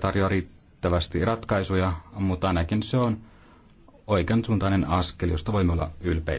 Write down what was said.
tarjoa riittävästi ratkaisuja, mutta ainakin se on oikean suuntainen askel, josta voimme olla ylpeitä.